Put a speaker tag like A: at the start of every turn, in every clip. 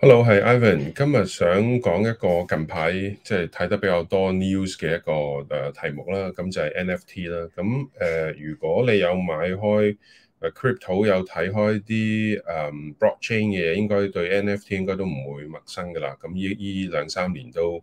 A: Hello，係 Ivan，今日想講一個近排即係睇得比較多 news 嘅一個誒題目啦，咁就係 NFT 啦。咁誒、呃，如果你有買開誒 crypto，有睇開啲誒、嗯、blockchain 嘅嘢，應該對 NFT 應該都唔會陌生噶啦。咁呢依兩三年都誒、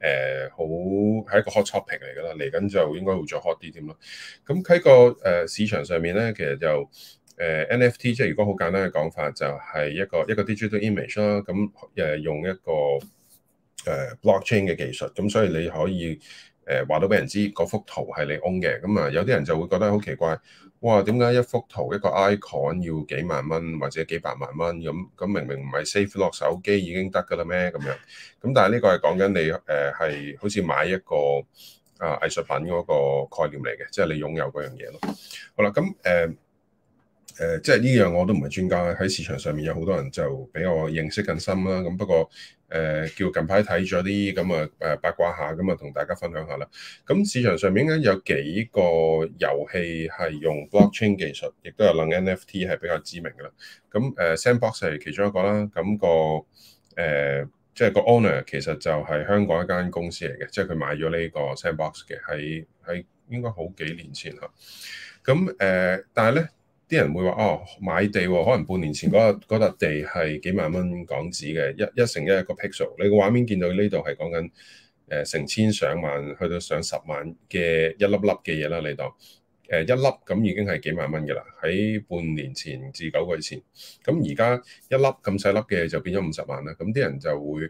A: 呃、好係一個 hot topic 嚟噶啦，嚟緊就應該會再 hot 啲添咯。咁喺個誒、呃、市場上面咧，其實就～誒、uh, NFT 即係如果好簡單嘅講法，就係、是、一個一個 digital image 啦、啊。咁誒用一個誒、uh, blockchain 嘅技術，咁、啊、所以你可以誒話到俾人知嗰幅圖係你 own 嘅。咁啊，有啲人就會覺得好奇怪，哇！點解一幅圖一個 icon 要幾萬蚊或者幾百萬蚊？咁、啊、咁、啊、明明唔係 save 落手機已經得㗎啦咩？咁樣咁、啊，但係呢個係講緊你誒係、啊、好似買一個啊藝術品嗰個概念嚟嘅，即、就、係、是、你擁有嗰樣嘢咯。好啦，咁誒。Uh, 誒、呃，即係呢樣我都唔係專家，喺市場上面有好多人就比我認識更深啦。咁不過誒，叫、呃、近排睇咗啲咁啊誒八卦下，咁啊同大家分享下啦。咁市場上面應該有幾個遊戲係用 blockchain 技術，亦都有冷 NFT 係比較知名嘅啦。咁誒，Sandbox 係其中一個啦。咁、那個誒、呃，即係個 owner 其實就係香港一間公司嚟嘅，即係佢買咗呢個 Sandbox 嘅，係係應該好幾年前啦。咁誒、呃，但係咧。啲人會話哦，買地喎，可能半年前嗰、嗰個笪地係幾萬蚊港紙嘅，一一成一個 pixel，你個畫面見到呢度係講緊誒成千上萬，去到上十萬嘅一粒粒嘅嘢啦，你當誒、呃、一粒咁已經係幾萬蚊㗎啦，喺半年前至九個月前，咁而家一粒咁細粒嘅就變咗五十萬啦，咁啲人就會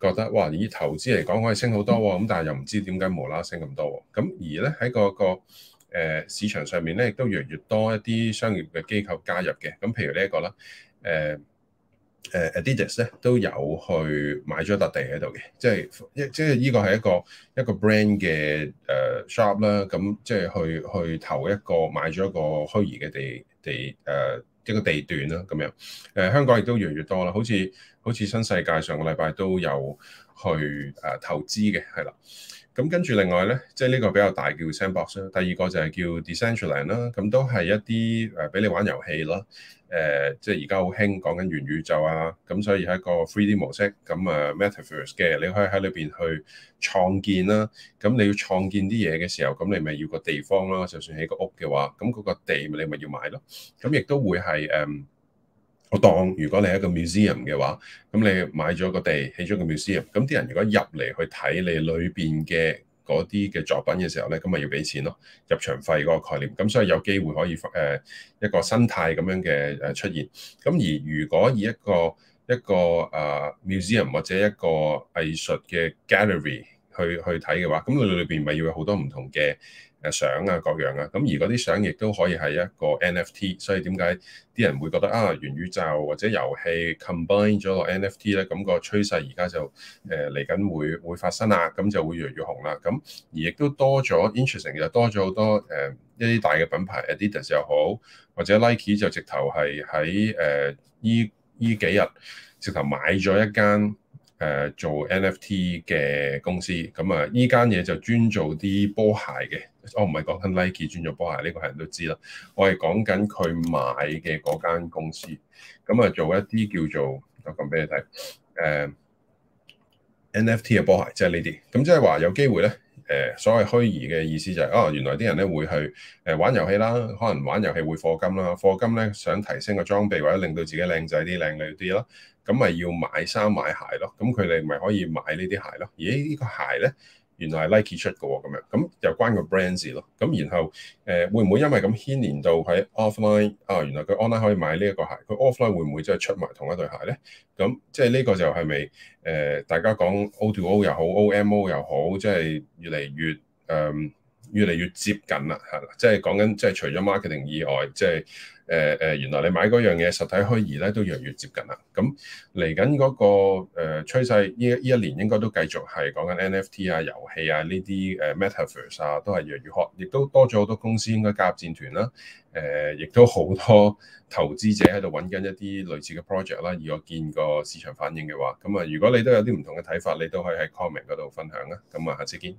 A: 覺得哇，以投資嚟講可以升好多喎，咁但係又唔知點解無啦啦升咁多喎，咁而咧喺個個，嗰個誒市場上面咧，亦都越嚟越多一啲商業嘅機構加入嘅。咁譬如，這個呃呃、呢一個啦，誒誒 Adidas 咧都有去買咗笪地喺度嘅，即係一即係呢個係一個一個 brand 嘅誒 shop 啦。咁即係去去投一個買咗一個虛擬嘅地地誒，呃、一個地段啦。咁樣誒，呃、香港亦都越嚟越多啦，好似。好似新世界上個禮拜都有去誒投資嘅，係啦。咁跟住另外咧，即係呢個比較大叫 Sandbox 啦，第二個就係叫 Decentraland 啦，咁都係一啲誒俾你玩遊戲咯。誒、呃、即係而家好興講緊元宇宙啊，咁所以係一個 3D 模式，咁誒、啊、Metaverse 嘅，你可以喺裏邊去創建啦。咁你要創建啲嘢嘅時候，咁你咪要個地方啦。就算喺個屋嘅話，咁嗰個地咪你咪要買咯。咁亦都會係誒。嗯我當如果你係一個 museum 嘅話，咁你買咗個地起咗個 museum，咁啲人如果入嚟去睇你裏邊嘅嗰啲嘅作品嘅時候咧，咁咪要俾錢咯，入場費嗰個概念。咁所以有機會可以誒一個生態咁樣嘅誒出現。咁而如果以一個一個誒 museum 或者一個藝術嘅 gallery，去去睇嘅話，咁佢裏邊咪要有好多唔同嘅誒相啊，各樣啊。咁而嗰啲相亦都可以係一個 NFT，所以點解啲人會覺得啊，元宇宙或者遊戲 combine 咗個 NFT 咧，咁個趨勢而家就誒嚟緊會會發生啊，咁就會越嚟越紅啦。咁而亦都多咗 interesting，又多咗好多誒、呃、一啲大嘅品牌 Adidas 又好，或者 Nike 就直頭係喺誒依依幾日直頭買咗一間。誒，uh, 做 NFT 嘅公司，咁啊，呢間嘢就專做啲波鞋嘅。我唔係講緊 Nike 專做波鞋，呢個係人都知啦。我係講緊佢買嘅嗰間公司，咁啊，做一啲叫做，我撳俾你睇，誒、uh, NFT 嘅波鞋，即係呢啲。咁即係話有機會咧。誒，所謂虛擬嘅意思就係、是、哦，原來啲人咧會去誒玩遊戲啦，可能玩遊戲會課金啦，課金咧想提升個裝備或者令到自己靚仔啲靚女啲咯，咁咪要買衫買鞋咯，咁佢哋咪可以買呢啲鞋咯，咦呢個鞋咧？原來係 Nike 出嘅喎，哦，咁樣咁又關個 brand 事咯。咁然後誒、呃、會唔會因為咁牽連到喺 offline 啊？原來佢 online 可以買呢一個鞋，佢 offline 會唔會即係出埋同一對鞋咧？咁即係呢個就係咪誒大家講 O2O 又好，OMO 又好，即係、就是、越嚟越誒？Um, 越嚟越接近啦，係啦，即係講緊，即係除咗 marketing 以外，即係誒誒，原來你買嗰樣嘢實體虛擬咧，都越嚟越接近啦。咁嚟緊嗰個誒趨勢，依依一年應該都繼續係講緊 NFT 啊、遊戲啊呢啲誒 metaverse 啊，都係越嚟越 hot，亦都多咗好多公司應該加入戰團啦。誒，亦都好多投資者喺度揾緊一啲類似嘅 project 啦。以我見個市場反應嘅話，咁啊，如果你都有啲唔同嘅睇法，你都可以喺 comment 嗰度分享啊。咁啊，下次見。